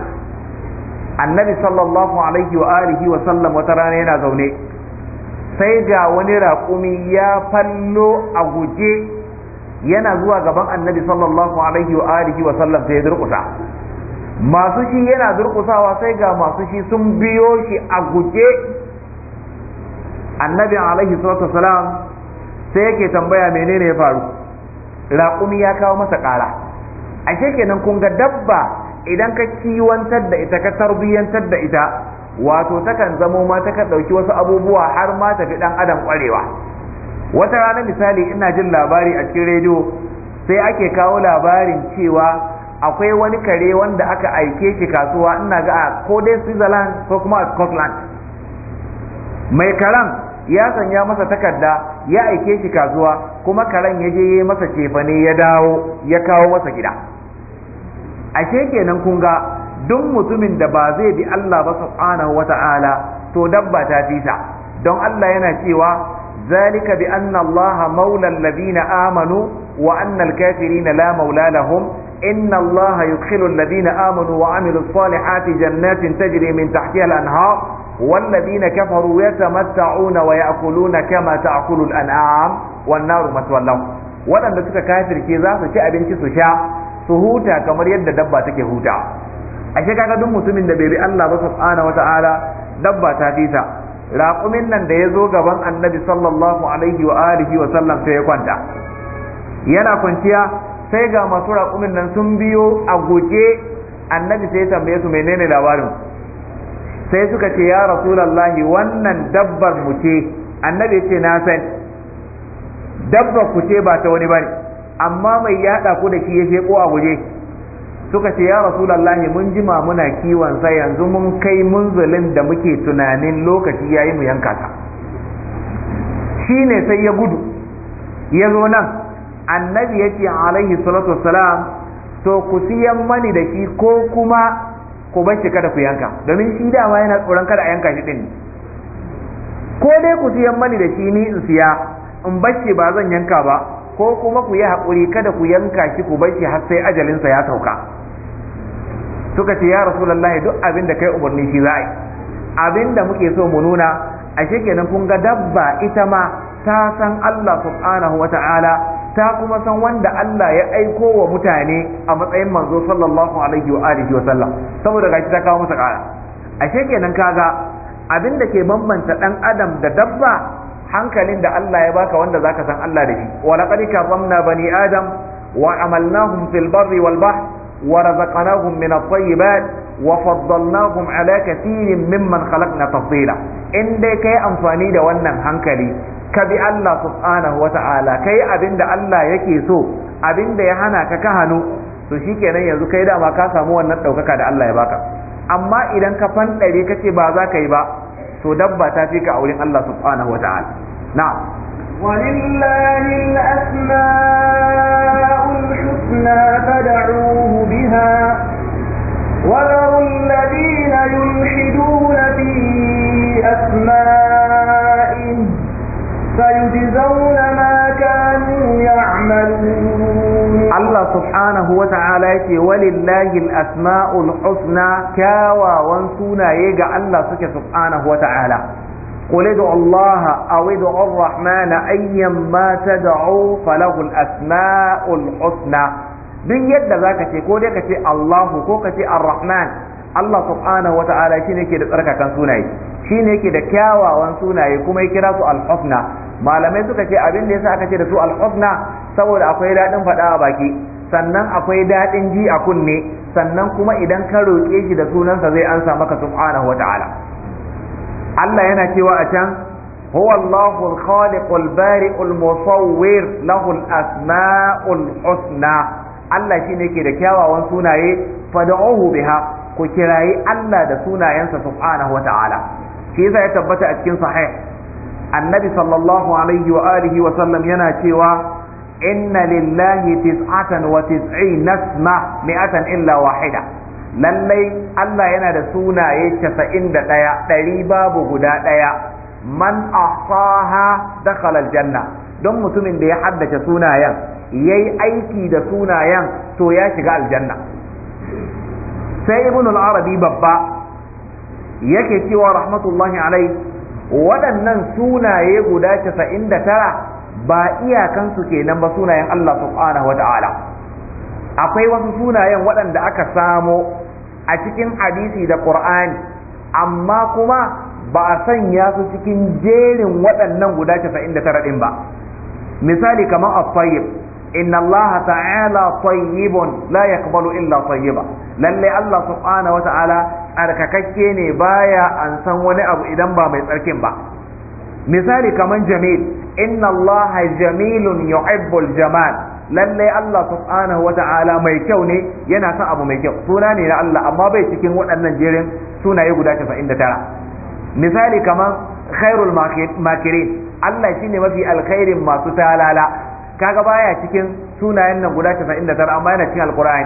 annabi sallallahu alaihi wa alihi wa sallam wata rana yana zaune sai ga wani raƙumi ya fallo a guje yana zuwa gaban annabi sallallahu alaihi wa alihi wa sallam sai ya durƙusa masu shi yana durkusawa sai ga masu shi sun biyo shi a guje annabi alaihi salatu wasalam sai yake tambaya menene ya faru raƙumi ya kawo masa ƙara ashe kenan kun ga dabba idan ka kiwantar da ita ka tarbiyyantar da ita wato takan zamo ma takan ɗauki wasu abubuwa har ma tafi ɗan adam kwarewa. wata rana misali ina jin labari a cikin rediyo sai ake kawo labarin cewa akwai wani kare wanda aka aike shi kasuwa ina ga a ko dai switzerland ko kuma a scotland mai karen ya sanya masa takarda ya aike shi kasuwa kuma karen ya je masa cefane ya dawo ya kawo masa gida ashe kenan kun ga duk mutumin da ba zai bi Allah ba subhanahu wata'ala to dabba ta fisa don Allah yana cewa ذلك بأن الله مولى الذين آمنوا وأن الكافرين لا مولى لهم إن الله يدخل الذين آمنوا وعملوا الصالحات جنات تجري من تحتها الأنهار والذين كفروا يتمتعون ويأكلون كما تأكل الأنعام والنار مثوى لهم waɗanda suka kafirce za su ci abinci su sha su huta kamar yadda dabba take huta ashe kaga duk mutumin da bai bi Allah ba subhanahu wataala dabba ta fita raƙumin nan da ya zo gaban annabi sallallahu alaihi wa alihi wa sallam sai ya kwanta yana kwanciya sai ga masu raƙumin nan sun biyo a guje annabi sai ya tambaye su menene labarin sai suka ce ya rasulallahi wannan dabbar mu ce annabi ya ce na san dabbar ku ce ba ta wani bane amma mai yada ku da shi ya sheko a guje suka ce ya rasulallahi mun jima muna kiwon sa yanzu mun kai munzulin da muke tunanin lokaci yayi mu yanka ta shine sai ya gudu ya zo nan annabi yake alaihi salatu wassalam to ku siyan mani da shi ko kuma ku bashi kada ku yanka domin shi dama yana tsoron kada a yanka shi din ko dai ku siyan mani da shi ni in siya in bashi ba zan yanka ba ko kuma ku yi haƙuri kada ku yanka shi ku bashi har sai ajalinsa ya sauka suka ce ya rasulullahi duk abin da kai umarni shi za yi abin da muke so mu nuna a kenan kun ga dabba ita ma ta san Allah subhanahu wa ta'ala ta kuma san wanda Allah ya aiko wa mutane a matsayin manzo sallallahu alaihi wa alihi wa sallam saboda gashi ta kawo masa kara ashe kenan kaga abin da ke bambanta dan adam da dabba hankalin da Allah ya baka wanda zaka san Allah da shi wa laqad karramna bani adam wa amalnahum fil barri wal bahr ورزقناهم من الطيبات وفضلناهم على كثير ممن خلقنا تفضيلا ان دي كي amfani da wannan hankali كبي الله سبحانه وتعالى kai abinda Allah yake so abinda ya hana ka ka hannu to shikenan yanzu kai dama ka samu wannan ɗaukaka da Allah ya baka amma idan ka fandare kace baza ka yi ba to dabba ta ka aurin Allah subhanahu wataala na ولله الأسماء إلا فدعوه بها وذروا الذين يلحدون في أسمائه فيجزون ما كانوا يعملون الله سبحانه وتعالى ولله الأسماء الحسنى كاوى وانسونا يجع الله سبحانه وتعالى قل ادعوا الله او ادعوا الرحمن ايا ما تدعوا فله الاسماء الحسنى duk yadda za ka ce ko dai ka ce Allahu ko ka ce Ar-Rahman Allah subhanahu wa ta'ala shine yake da tsarkakan sunaye shine yake da kyawawan sunaye kuma ya kira su al-husna malamai suka ce abin da yasa aka ce da su al-husna saboda akwai daɗin faɗa a baki sannan akwai daɗin ji a kunne sannan kuma idan ka roƙe shi da sunansa zai ansa maka subhanahu wa ta'ala Allah yana cewa a can هو الله الخالق البارئ المصور له الأسماء الحسنى Allah shine ke da kyawawan sunaye fad'uhu biha ku kirayi Allah da sunayensa subhanahu wata'ala shi yasa ya tabbata a cikin sahih annabi sallallahu alaihi wa alihi wa sallam yana cewa inna lillahi tis'atan wa tis'ina nasma mi'atan illa wahida lallai Allah yana da sunaye 91 ɗari babu guda ɗaya man ahsaha dakhala aljanna don mutumin da ya haddace sunayen yayi aiki da sunayen to ya shiga aljanna sai ibn al-arabi babba yake cewa rahmatullahi alai waɗannan sunaye guda casa'in da tara ba iyakansu kenan ba sunayen Allah subhanahu wa ta'ala akwai wasu sunayen waɗanda aka samo a cikin hadisi da ƙur'ani amma kuma ba a sanya su cikin jerin waɗannan guda da tara ɗin ba misali kamar a tayyib inna allaha ta'ala tayyibun la yaqbalu illa tayyiba lallai allah subhanahu wata'ala tsarkakakke ne baya an san wani abu idan ba mai tsarkin ba misali kaman jamil inna allaha jamilun yuhibbul jamal lallai Allah subhanahu wa ta'ala mai kyau ne yana son abu mai kyau suna ne na Allah amma bai cikin waɗannan jerin sunaye guda da tara. misali kamar khairul makirin Allah shine mafi alkhairin masu talala kaga baya cikin sunayen nan guda 99 amma yana cikin alqur'ani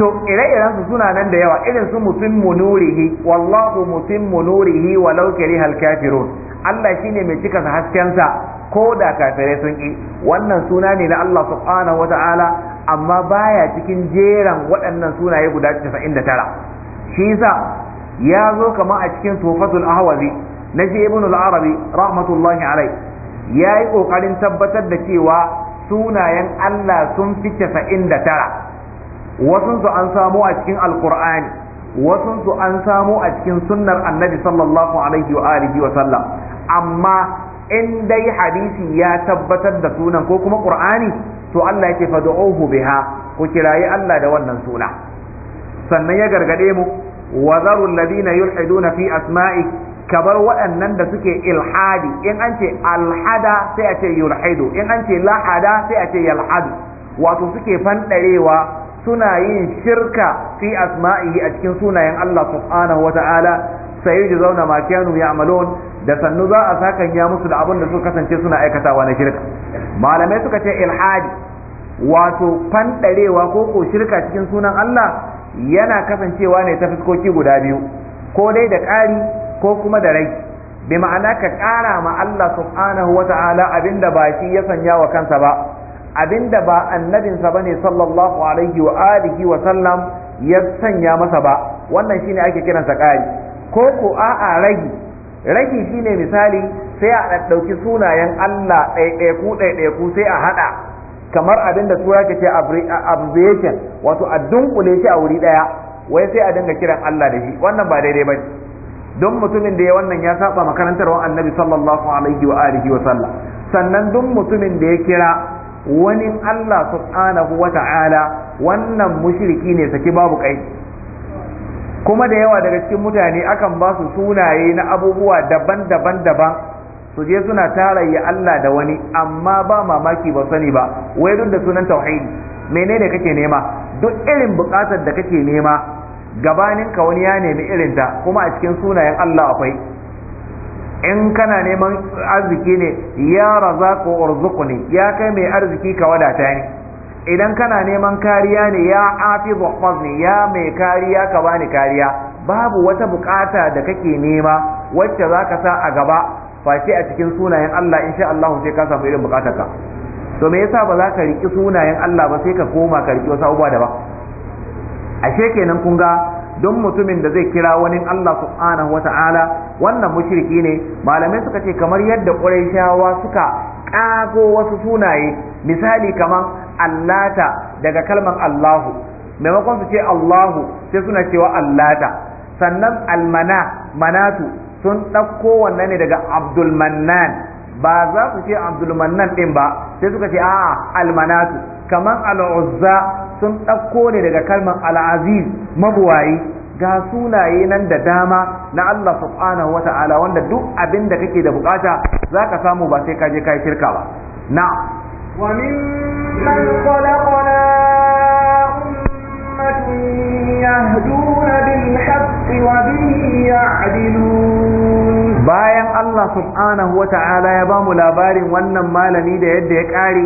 to ire-iren su suna nan da yawa irin su mutum nurihi wallahu mutimmu nurihi walau karihal kafirun Allah shine mai cika haskensa ko da kafirai sun ki wannan suna ne na Allah subhanahu wata'ala amma baya cikin jeran waɗannan sunaye guda 99 shi yasa ya zo kama a cikin tufatul ahwazi na ji ibn al-arabi rahmatullahi alaihi ya yi ƙoƙarin tabbatar da cewa sunayen Allah sun fi casa'in da tara wasunsu an samo a cikin alkur'ani wasunsu an samo a cikin sunnar annabi sallallahu alaihi wa alihi wa sallam amma in dai hadisi ya tabbatar da sunan ko kuma qur'ani to Allah yake fad'uhu biha ku kirayi Allah da wannan suna sannan ya gargade mu wa zarul ladina yulhiduna fi asma'i Ka bar waɗannan da suke ilhadi in an ce alhada sai a ce yulhidu in an ce lahada sai a ce yalhadu wato suke fanɗarewa suna yin shirka fi asma'i a cikin sunayen Allah subhanahu wa ta'ala sai yi zauna ma kanu amalon da sannu za a sakan ya musu da abin da suka kasance suna aikatawa na shirka malamai suka ce ilhadi wato fanɗarewa ko ko shirka cikin sunan Allah yana kasancewa ne ta fuskoki guda biyu ko dai da ƙari ko kuma da rai bi ma'ana ka ƙara ma Allah subhanahu wa ta'ala abinda ba shi ya sanya wa kansa ba abinda ba annabinsa bane sallallahu alaihi wa alihi wa sallam ya sanya masa ba wannan shine ake kiransa ƙari ko ko a'a ragi ragi shine misali sai a ɗauki sunayen Allah ɗaiɗaiku ɗaiɗaiku sai a haɗa kamar abinda tura ke ce abbreviation wato a dunkule shi a wuri ɗaya wai sai a dinga kiran Allah da shi wannan ba daidai bane don mutumin da ya wannan ya saba makarantar wa annabi sallallahu alaihi wa alihi wa sallam sannan duk mutumin da ya kira wani Allah subhanahu wa ta'ala wannan mushriki ne saki babu kai kuma da yawa daga cikin mutane akan ba su sunaye na abubuwa daban-daban daban su je suna tarayya Allah da wani amma ba mamaki ba sani ba wai duk da sunan tauhidi menene kake nema duk irin bukatar da kake nema gabanin ka wani ya nemi irin ta kuma a cikin sunayen Allah akwai in kana neman arziki ne ya razaqu urzuqni ya kai mai arziki ka wadata ne idan kana neman kariya ne ya afizu ne ya mai kariya ka bani kariya babu wata bukata da kake nema wacce zaka sa a gaba face a cikin sunayen Allah insha Allah sai ka samu irin bukatarka to me yasa ba za ka riki sunayen Allah ba sai ka koma ka riki wasu abubuwa daban ashe kenan kun ga don mutumin da zai kira wani Allah subhanahu wata'ala wannan mushriki ne malamai suka ce kamar yadda Qurayshawa suka ƙago wasu sunaye misali kamar Allata daga kalmar Allahu maimakon su ce Allahu sai suna cewa Allata sannan almana manatu sun ɗauko wannan ne daga Abdulmannan ba za su ce Abdulmannan ɗin ba sai suka ce a'a almanatu kaman al'uzza sun ɗauko ne daga kalmar al'aziz mabuwayi ga sunaye nan da dama na Allah subhanahu wa ta'ala wanda duk abin da kake da bukata za ka samu ba sai ka je kai shirka ba na ومن خلقنا أمة يهدون بالحق وبه يعدلون bayan Allah subhanahu wa ta'ala ya bamu labarin wannan malami da yadda ya ƙare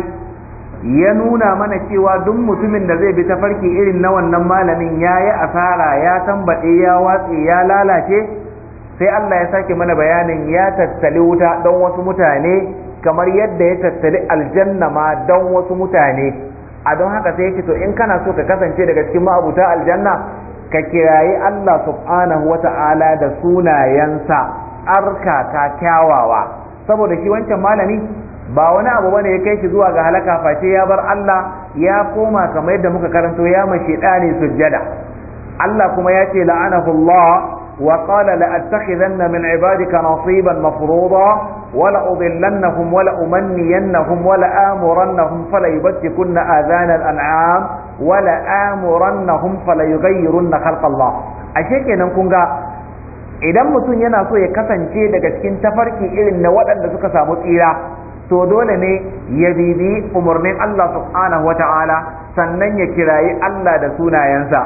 ya nuna mana cewa duk mutumin da zai bi ta farki irin na wannan malamin ya yi asara ya tambaɗe ya watse ya lalace sai Allah ya sake mana bayanin ya tattali wuta don wasu mutane kamar yadda ya tattali aljanna ma don wasu mutane a don haka sai yake to in kana so ka kasance daga cikin ma'abuta aljanna ka kirayi Allah subhanahu wata'ala da sunayensa arka ta kyawawa saboda shi wancan malami ba wani abu bane ya kai shi zuwa ga halaka face ya bar Allah ya koma kamar yadda muka karanto ya mashi ɗani sujjada Allah kuma ya ce la'anahu Allah wa qala la min ibadika nasiban mafruḍa wa la wa la wa la fala yubtikunna adhana al wa la fala yughayyirunna khalqa Allah ashe kenan kun ga idan mutum yana so ya kasance daga cikin tafarki irin na waɗanda suka samu tsira to dole ne ya bibi umarnin Allah subhanahu wa ta'ala sannan ya kirayi Allah da sunayensa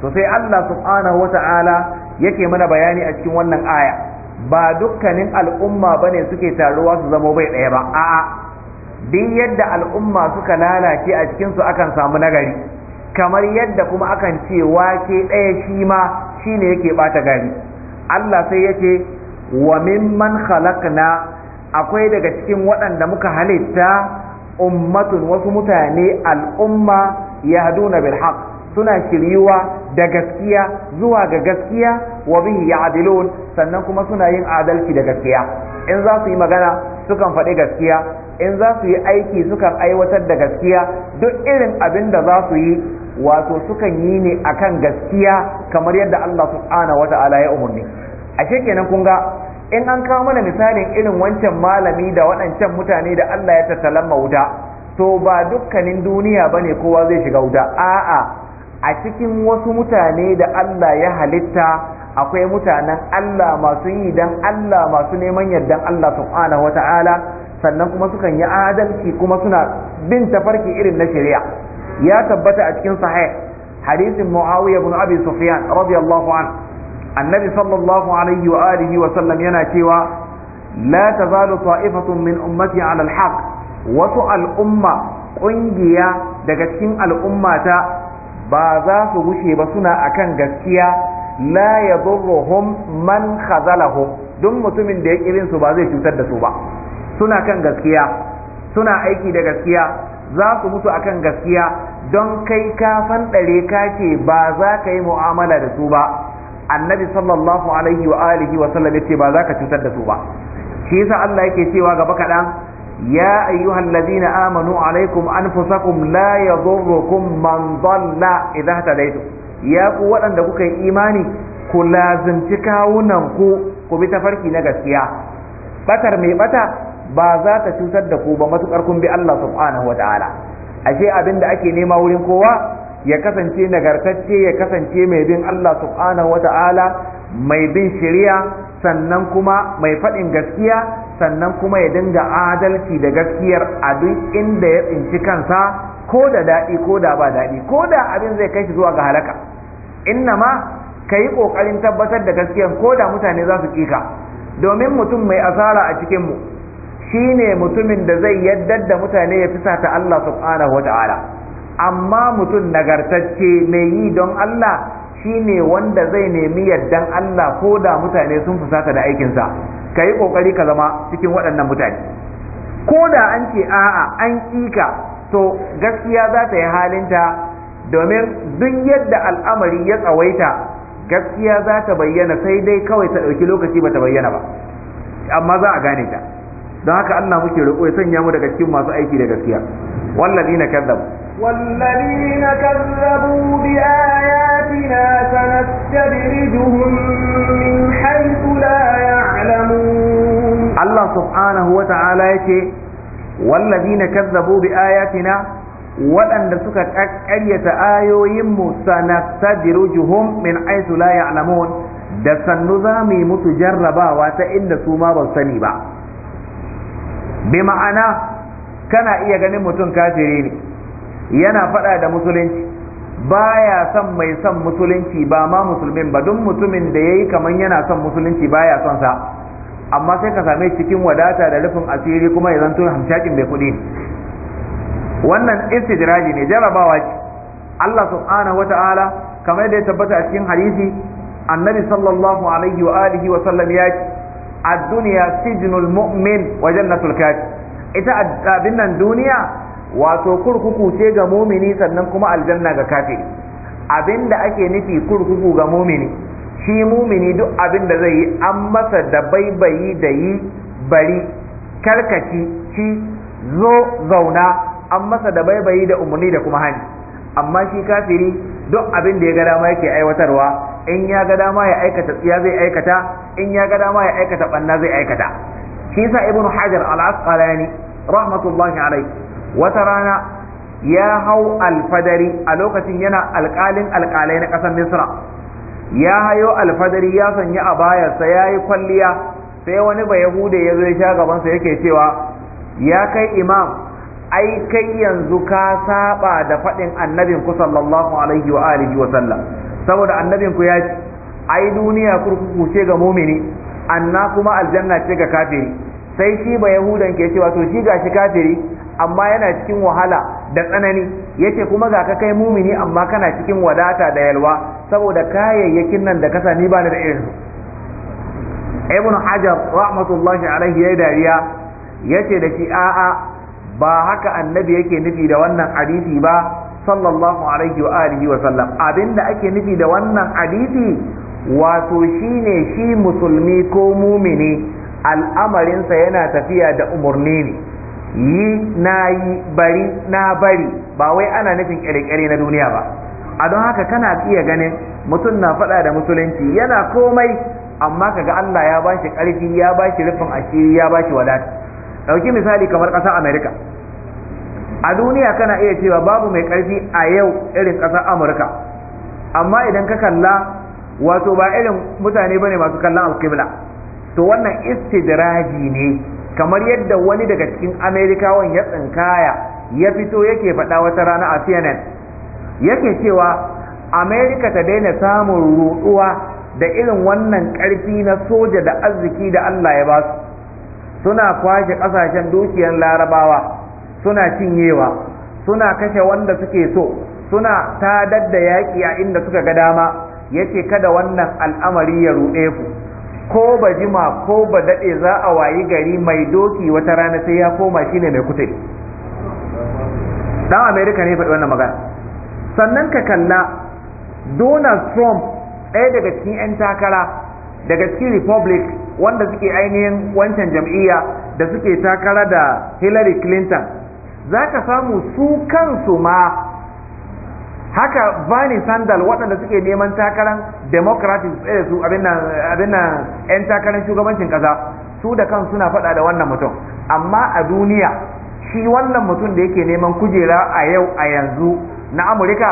to sai Allah subhanahu wa ta'ala yake mana bayani a cikin wannan aya ba dukkanin al'umma bane suke taruwa su zama bai ɗaya ba a'a duk yadda al'umma suka lalace a cikin su akan samu nagari kamar yadda kuma akan ce wake ɗaya shi ma shine yake bata gari Allah sai yake wa mimman khalaqna akwai daga cikin waɗanda muka halitta ummatun wasu mutane al'umma yahduna bil haqq suna shiryuwa da gaskiya zuwa ga gaskiya wa bihi sannan kuma suna yin adalci da gaskiya in za su yi magana sukan faɗi gaskiya in za su yi aiki sukan aiwatar da gaskiya duk irin abin da za su yi wato sukan yi ne akan gaskiya kamar yadda Allah subhanahu wata'ala ya umurni a kenan kun ga in an kawo mana misalin irin wancan malami da waɗancan mutane da Allah ya tattalan wuta to ba dukkanin duniya ba ne kowa zai shiga wuta a'a a cikin wasu mutane da Allah ya halitta akwai mutanen Allah masu yi dan Allah masu neman yardan Allah subhanahu wata'ala sannan kuma sukan yi adalci kuma suna bin tafarki irin na shari'a ya tabbata a cikin sahih hadisin Muawiya ibn Abi Sufyan radiyallahu anhu annabi sallallahu alaihi wa wa sallam yana cewa la tazalu ta'ifatun min ummati ala alhaq wasu al'umma ƙungiya daga cikin al'ummata ba za su gushe ba suna akan gaskiya la yadurruhum man khazalahum duk mutumin da ya kirin su ba zai cutar da su ba suna kan gaskiya suna aiki da gaskiya za su mutu akan gaskiya don kai kafan san ɗare ka ce ba za ka yi mu'amala da su ba annabi sallallahu alaihi wa alihi wa sallam yace ba za ka cutar da su ba shi yasa Allah yake cewa gaba kaɗan ya ayyuhal ladina amanu alaikum anfusakum la yadurrukum man dalla idza hadaytum ya ku waɗanda kuka yi imani ku lazimci kawunan ku ku bi tafarki na gaskiya batar mai bata ba za ta cutar da ku ba matukar kun bi Allah subhanahu wa ta'ala ashe abin da ake nema wurin kowa ya kasance nagartacce ya kasance mai bin Allah subhanahu wata'ala mai bin shari'a sannan kuma mai faɗin gaskiya sannan kuma ya dinga adalci da gaskiyar a duk inda ya tsinci kansa ko da daɗi ko da ba daɗi ko da abin zai kai shi zuwa ga halaka inna ka yi ƙoƙarin tabbatar da gaskiyar ko da mutane za su ƙika domin mutum mai asara a cikinmu shine mutumin da zai yaddar da mutane ya fi sata Allah subhanahu wa ta'ala amma mutum nagartacce mai yi don Allah shine wanda zai nemi yardan Allah ko da mutane sun fusata da aikinsa ka yi ƙoƙari ka zama cikin waɗannan mutane ko da an ce a'a an ƙika to gaskiya za ta yi halinta domin duk yadda al'amari ya tsawaita gaskiya za ta bayyana sai dai kawai ta ɗauki lokaci ba ta bayyana ba amma za a gane ta don haka Allah muke roƙo ya sanya mu daga cikin masu aiki da gaskiya wallazina kazzabu kazzabu bi ayatina sanastadrijuhum min haythu la ya'lamun Allah subhanahu wa ta'ala yace na kazzabu bi ayatina waɗanda suka ƙaƙƙaryata ayoyinmu sanastadrijuhum min haythu la ya'lamun da sannu za mu yi musu jarrabawa ta inda su ma sani ba bi ma'ana kana iya ganin mutum kafiri ne yana faɗa da musulunci baya son mai son musulunci ba ma musulmin ba duk mutumin da ya yi kaman yana son musulunci baya son sa amma sai ka same cikin wadata da rufin asiri kuma ya zanto hamshakin bai kuɗi wannan istidraji ne jarabawa ce Allah subhanahu wata'ala kamar da ya tabbata a cikin hadisi annabi sallallahu alaihi wa alihi wa sallam ya ce ad-dunya sijnul mu'min wa jannatul kafir ita abin nan duniya wato kurkuku ce ga mumini sannan kuma aljanna ga kafiri abin da ake nufi kurkuku ga mumini shi mumini duk abin da zai yi an masa da baibayi da yi bari karkaci ci zo zauna an masa da baibayi da umarni da kuma hani amma shi kafiri duk abin da ya ga dama yake aiwatarwa in ya ga dama ya aikata tsiya zai aikata in ya ga dama ya aikata banna zai aikata shi yasa ibnu hajar al-asqalani rahmatullahi alai wata rana ya hau alfadari a lokacin yana alƙalin alƙalai na ƙasar misra ya hayo alfadari ya sanya a bayarsa ya yi kwalliya sai wani ba ya zo ya sha gabansa yake cewa ya kai imam ai kai yanzu ka saba da faɗin annabin ku sallallahu alaihi wa alihi wa sallam saboda annabin ku ya ce ai duniya kurkuku ce ga mumini anna kuma aljanna ce ga kafiri sai shi ba yahudan ke cewa to shi ga shi kafiri amma yana cikin wahala da tsanani yace kuma ga ka kai mumini amma kana cikin wadata da yalwa saboda kayayyakin nan da ka sani ba da irin ibn hajar rahmatullahi alaihi yayi dariya yace da shi a'a ba haka annabi yake nufi da wannan hadisi ba sallallahu alaihi wa alihi wa sallam abinda ake nufi da wannan hadisi wato shine shi musulmi ko mumini al'amarinsa yana tafiya da umarni ne yi na yi bari na bari ba wai ana nufin kirkire na duniya ba a don haka kana iya ganin mutum na faɗa da musulunci yana komai amma kaga Allah ya bashi karfi ya bashi rufin asiri ya bashi wadata ɗauki misali kamar ƙasar Amerika a duniya kana iya cewa babu mai ƙarfi a yau irin ƙasar amurka amma idan ka kalla wato ba irin mutane bane masu kallon alkibla to wannan istidraji ne kamar yadda wani daga cikin amerikawan ya tsinkaya ya fito yake faɗa wata rana a cnn yake cewa amerika ta daina samun ruɗuwa da irin wannan ƙarfi na soja da arziki da allah ya basu suna kwashe ƙasashen dukiyar larabawa suna cinyewa suna kashe wanda suke so suna tadar da yaƙi a inda suka ga dama yace kada wannan al'amari ya ruɗe ku ko ba jima ko ba daɗe za a wayi gari mai doki wata rana sai ya koma shine mai kutai dan amerika ne faɗi wannan magana sannan ka kalla donald trump ɗaya daga cikin 'yan takara daga cikin republic wanda suke ainihin wancan jam'iyya da suke takara da hillary clinton za ka samu su kansu ma haka bani Sandal, waɗanda suke neman takarar democratic tsaye eh, su abin nan 'yan takaran shugabancin ƙasa su da kan suna faɗa da wannan mutum amma a duniya shi wannan mutum da yake neman kujera a yau a yanzu na amurka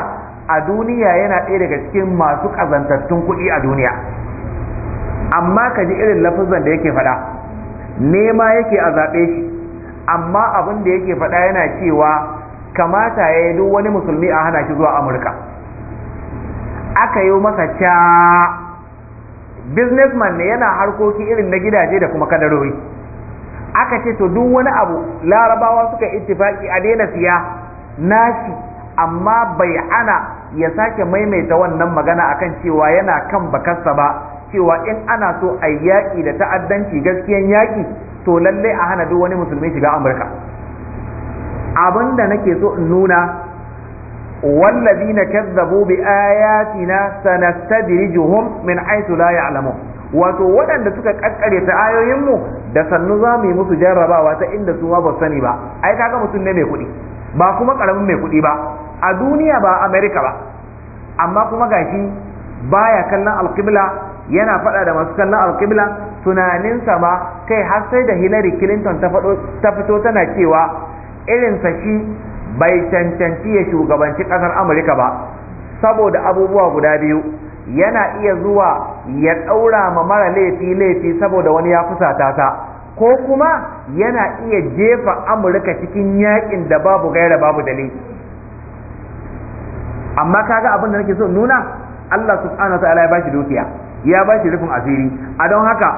a duniya yana ɗaya daga cikin masu ƙazantattun kuɗi a duniya amma kaji irin lafazan da yake faɗa nema yake a zaɓe shi amma abin da yake faɗa yana cewa kamata ya yi duk wani musulmi a hana shi zuwa amurka aka yi masa ca businessman ne yana harkoki irin na gidaje da kuma kadarori aka ce to duk wani abu larabawa suka ittifaki a daina siya nashi amma bai ana ya sake maimaita wannan magana akan cewa yana kan bakarsa ba cewa in ana so a yaƙi da ta'addanci gaskiyan yaƙi to lallai a hana duk wani musulmi shiga amurka abin da nake so in nuna na والذين كذبوا بآياتنا سنستدرجهم من حيث ya alamu, wato waɗanda suka kakkare ta ayoyinmu da sannu za mu yi musu jarrabawa ta inda su ma ba sani ba ai kaga mutum ne mai kuɗi ba kuma ƙaramin mai kuɗi ba a duniya ba amerika ba amma kuma gashi baya kallon alƙibla yana faɗa da masu kallon alƙibla tunaninsa ma kai har sai da hillary clinton ta fito tana cewa irinsa shi bai cancanci ya shugabanci ƙasar amurka ba saboda abubuwa guda biyu yana iya zuwa ya ɗaura ma mara laifi laifi saboda wani ya fusata ta ko kuma yana iya jefa amurka cikin yakin da babu gaira babu dalili amma kaga abin da nake so nuna Allah subhanahu wa ta'ala ya bashi dukiya ya ba shi rufin asiri a don haka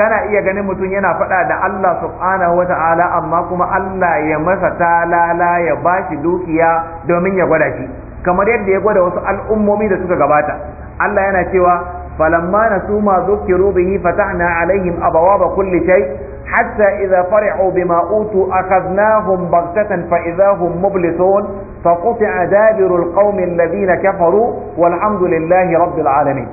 kana iya ganin mutum yana faɗa da Allah subhanahu ta'ala amma kuma Allah ya masa talala ya ba shi dukiya domin ya gwada shi kamar yadda ya gwada wasu al'ummomi da suka gabata Allah yana cewa falamma nasu ma dhukiru bihi fatahna alaihim abawaba kulli shay hatta idza farihu bima utu akhadnahum baghtatan fa idza hum mublisun faqati'a dabirul qaumi alladhina kafaru walhamdulillahi rabbil alamin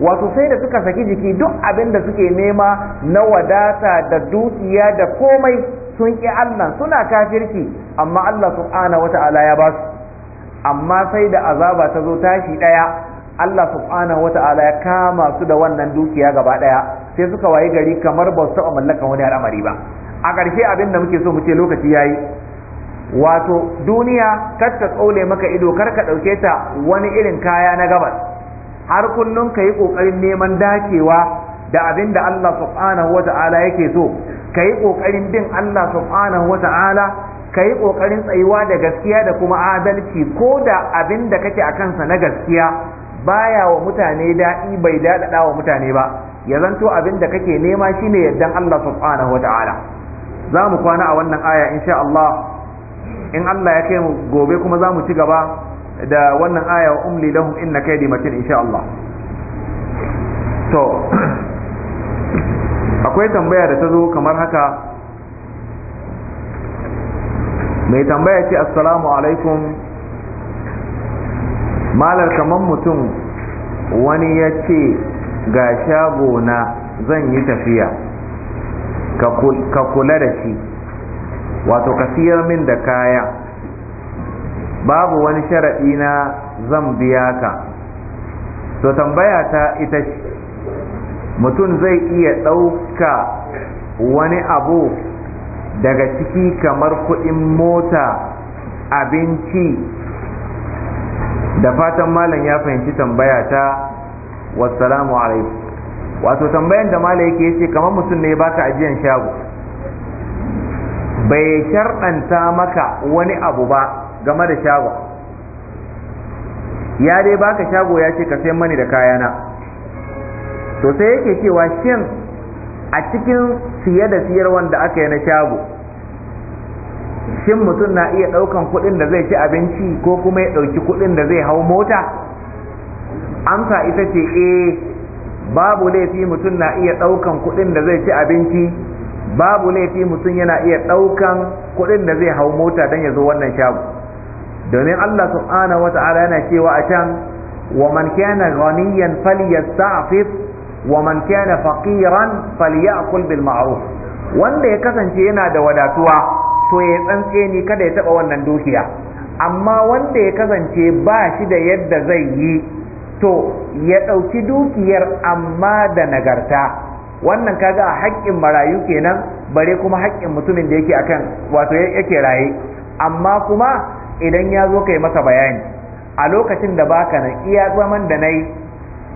wato sai da suka saki jiki duk abin da suke nema na wadata da dukiya da komai sun ƙi Allah suna kafirki. amma Allah subhanahu wata'ala ya ba su amma sai da azaba ta zo tashi ɗaya Allah subhanahu wata'ala ya kama su da wannan dukiya gaba ɗaya sai suka wayi gari kamar ba su taɓa mallakan wani al'amari ba a ƙarshe abin da muke so mu ce lokaci yayi wato duniya kar ta maka ido kar ka ɗauke ta wani irin kaya na gabas har kullum ka yi ƙoƙarin neman dacewa da abin da Allah subhanahu wa ta'ala yake so ka yi ƙoƙarin bin Allah subhanahu wa ta'ala ka yi ƙoƙarin tsayuwa da gaskiya da kuma adalci ko da abin da kake a kansa na gaskiya baya wa mutane daɗi bai daɗaɗa wa mutane ba ya zanto abin da kake nema shine yardan Allah subhanahu wa ta'ala za mu kwana a wannan aya insha Allah in Allah ya kai mu gobe kuma za mu ci gaba da wannan aya wa umli lahum inna kaydi matin insha Allah to akwai tambaya da ta zo kamar haka mai tambaya ce assalamu alaikum malar kaman mutum wani ya ce ga shago na zan yi tafiya ka kula da shi wato ka siyar min da kaya babu wani sharaɗi na zan biya ka to tambaya ta ita mutum zai iya ɗauka wani abu daga ciki kamar kuɗin mota abinci da fatan malam ya fahimci tambaya ta wassalamu alaikum wato tambayan da malam yake ce kamar mutum ne baka ajiyan shago bai sharɗanta maka wani abu ba game da shago, ya dai baka shago ya ce ka sayan mani da kayana to sai yake cewa shin a cikin siye da siyar wanda aka yi na shago shin mutum na iya ɗaukan kuɗin da zai ci abinci ko kuma ya ɗauki kuɗin da zai hau mota amsa ita ce eh babu laifi mutum na iya ɗaukan kuɗin da zai ci abinci babu laifi mutum yana iya ɗaukan kuɗin da zai hau mota don ya zo wannan shago domin Allah subhanahu wa ta'ala yana cewa a can wa man kana ghaniyan falyasta'fif wa man kana faqiran falyakul bil ma'ruf wanda ya kasance yana da wadatuwa to ya tsantse ni kada ya taba wannan dukiya amma wanda ya kasance ba shi da yadda zai yi to ya ɗauki dukiyar amma da nagarta wannan kaga a haƙƙin marayu kenan bare kuma haƙƙin mutumin da yake akan wato yake raye amma kuma idan ya zo kai masa bayani a lokacin da baka nan iya zaman da nayi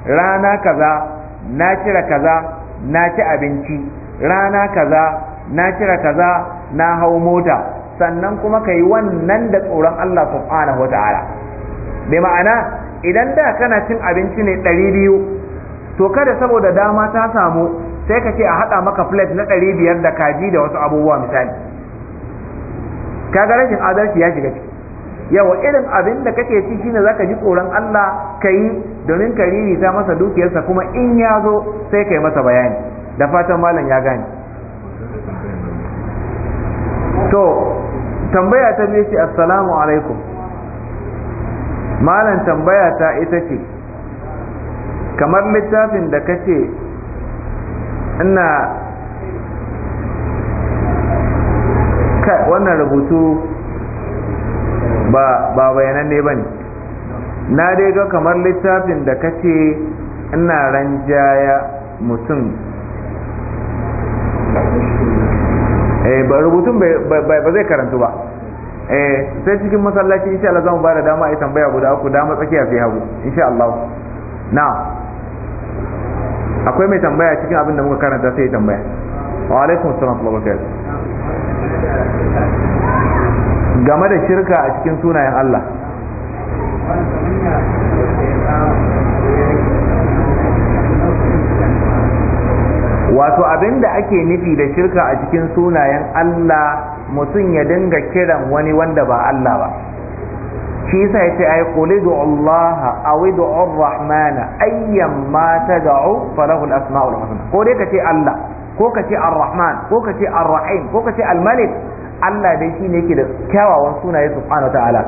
rana kaza na cire kaza na ci abinci rana kaza na cire kaza na hau mota sannan kuma kai wannan da tsoron Allah subhanahu wata'ala bai ma'ana idan da kana cin abinci ne ɗari biyu to kada saboda dama ta samu sai ka ce a haɗa maka plate na ɗari biyar da kaji da wasu abubuwa misali kaga rashin adalci ya shiga ciki yawa irin abin da kake ci shine zaka ji tsoron Allah kai domin ka ta masa dukiyarsa kuma in ya zo sai kai masa bayani da fatan malam ya gane to tambaya ta biyu ce assalamu alaikum malam tambaya ta ita ce kamar littafin da kace ina wannan rubutu ba ba ne? bane na dai ga kamar littafin da kace ina ranjaya mutum eh ba rubutun ba zai karantu ba eh sai cikin masallaci insha Allah zamu bada dama a tambaya guda uku dama tsakiya sai hagu insha Allah na akwai mai tambaya cikin abin da muka karanta sai ya tambaya wa alaikum assalam wa barakatuh game da shirka a cikin sunayen Allah wato abin da ake nufi da shirka a cikin sunayen Allah mutum ya dinga kiran wani wanda ba Allah ba shi yasa yace ay qul du Allah aw du ar-rahman ayyam ma tad'u falahu al-asma'ul husna ko dai ce Allah ko kace ar-rahman ko kace ar-rahim ko kace al-malik Allah dai shi ne yake da kyawawan sunaye subhanahu ta'ala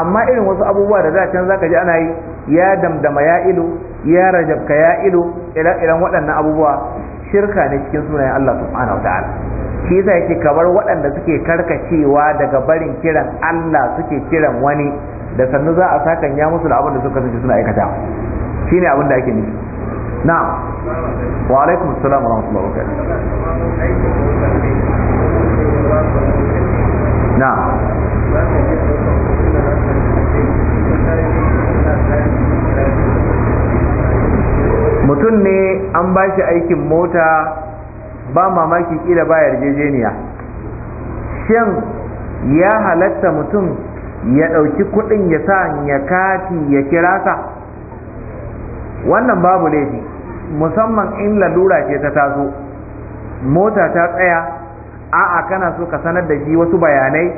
amma irin wasu abubuwa da za can zaka ji ana yi ya damdama ya ilu ya rajabka ya ilu irin waɗannan abubuwa shirka ne cikin sunayen Allah subhanahu ta'ala shi yasa yake kabar waɗanda suke karkacewa daga barin kiran Allah suke kiran wani da sannu za a saka ya musu da abin da suka kasance suna aikata shine abin da ake nufi na'am wa alaikum assalam wa rahmatullahi wa barakatuh mutum ne an ba shi aikin mota ba mamaki kila ba yarjejeniya Shan ya halatta mutum ya ɗauki kuɗin ya sa ya kati ya kira ka wannan babu laifi musamman in lalura ce ta taso mota ta tsaya a'a kana so ka sanar da shi wasu bayanai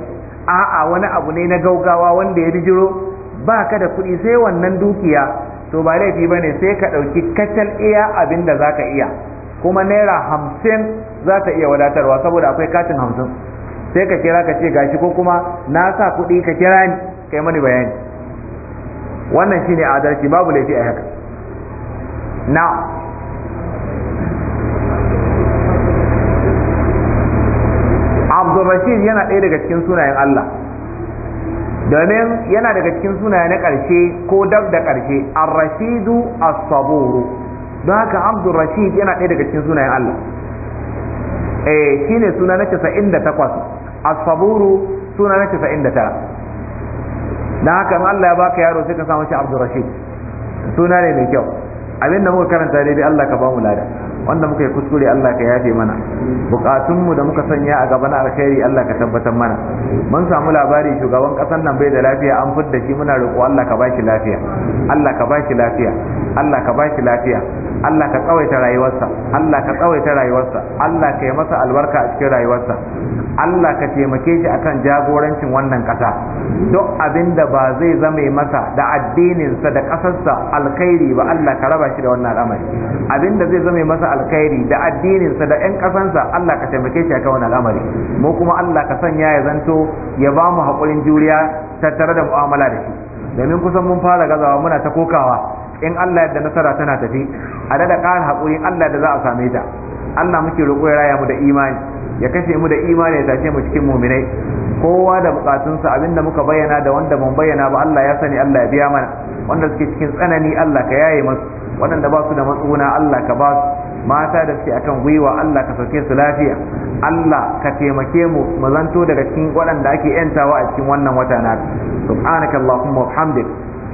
a'a wani abu ne na gaugawa wanda ya rijiro ba ka da kuɗi sai wannan dukiya to ba laifi ba ne sai ka ɗauki kacal iya abin da za ka iya kuma naira hamsin za ta iya wadatarwa saboda akwai katin hamsin sai ka kira ka ce gashi ko kuma na sa kuɗi ka kira ni kai mani bayani wannan shine adalci babu laifi a haka na'am abdurrashid yana ɗaya daga cikin sunayen Allah domin yana daga cikin sunaye na ƙarshe ko dab da ƙarshe ar-rashidu as-saburu don haka abdurrashid yana ɗaya daga cikin sunayen Allah eh shine suna na 98 as-saburu suna na 99 don haka Allah ya baka yaro sai ka samu shi abdurrashid suna ne mai kyau abinda muka karanta dai Allah ka ba mu lada wanda muka yi kuskure Allah ka yafe mana bukatunmu da muka sanya a gaban alkhairi Allah ka tabbatar mana mun samu labari shugaban kasan nan bai da lafiya an fudda shi muna roƙo Allah ka bashi lafiya Allah ka bashi lafiya Allah ka bashi lafiya Allah ka tsawaita rayuwarsa Allah ka tsawaita rayuwarsa Allah ka yi masa albarka a cikin rayuwarsa Allah ka taimake shi akan jagorancin wannan ƙasa duk abin da ba zai zame masa da addininsa da ƙasarsa alkhairi ba Allah ka raba shi da wannan al'amari abin da zai zame masa alkhairi da addininsa da 'yan ƙasansa Allah ka taimake shi akan wannan al'amari mu kuma Allah ka sanya ya zanto ya ba mu haƙurin juriya tattare da mu'amala da shi domin kusan mun fara gazawa muna ta kokawa in Allah yadda nasara tana tafi a da ƙara haƙuri Allah da za a same ta Allah muke roƙo ya raya mu da imani ya kashe mu da imani ya tashe mu cikin muminai kowa da bukatunsa abinda muka bayyana da wanda mun bayyana ba Allah ya sani Allah ya biya mana wanda suke cikin tsanani Allah ka yaye masu waɗanda ba su da matsuna Allah ka ba su mata da suke akan gwiwa Allah ka sauke su lafiya Allah ka taimake mu mu zanto daga cikin waɗanda ake yantawa a cikin wannan wata na subhanakallahumma wa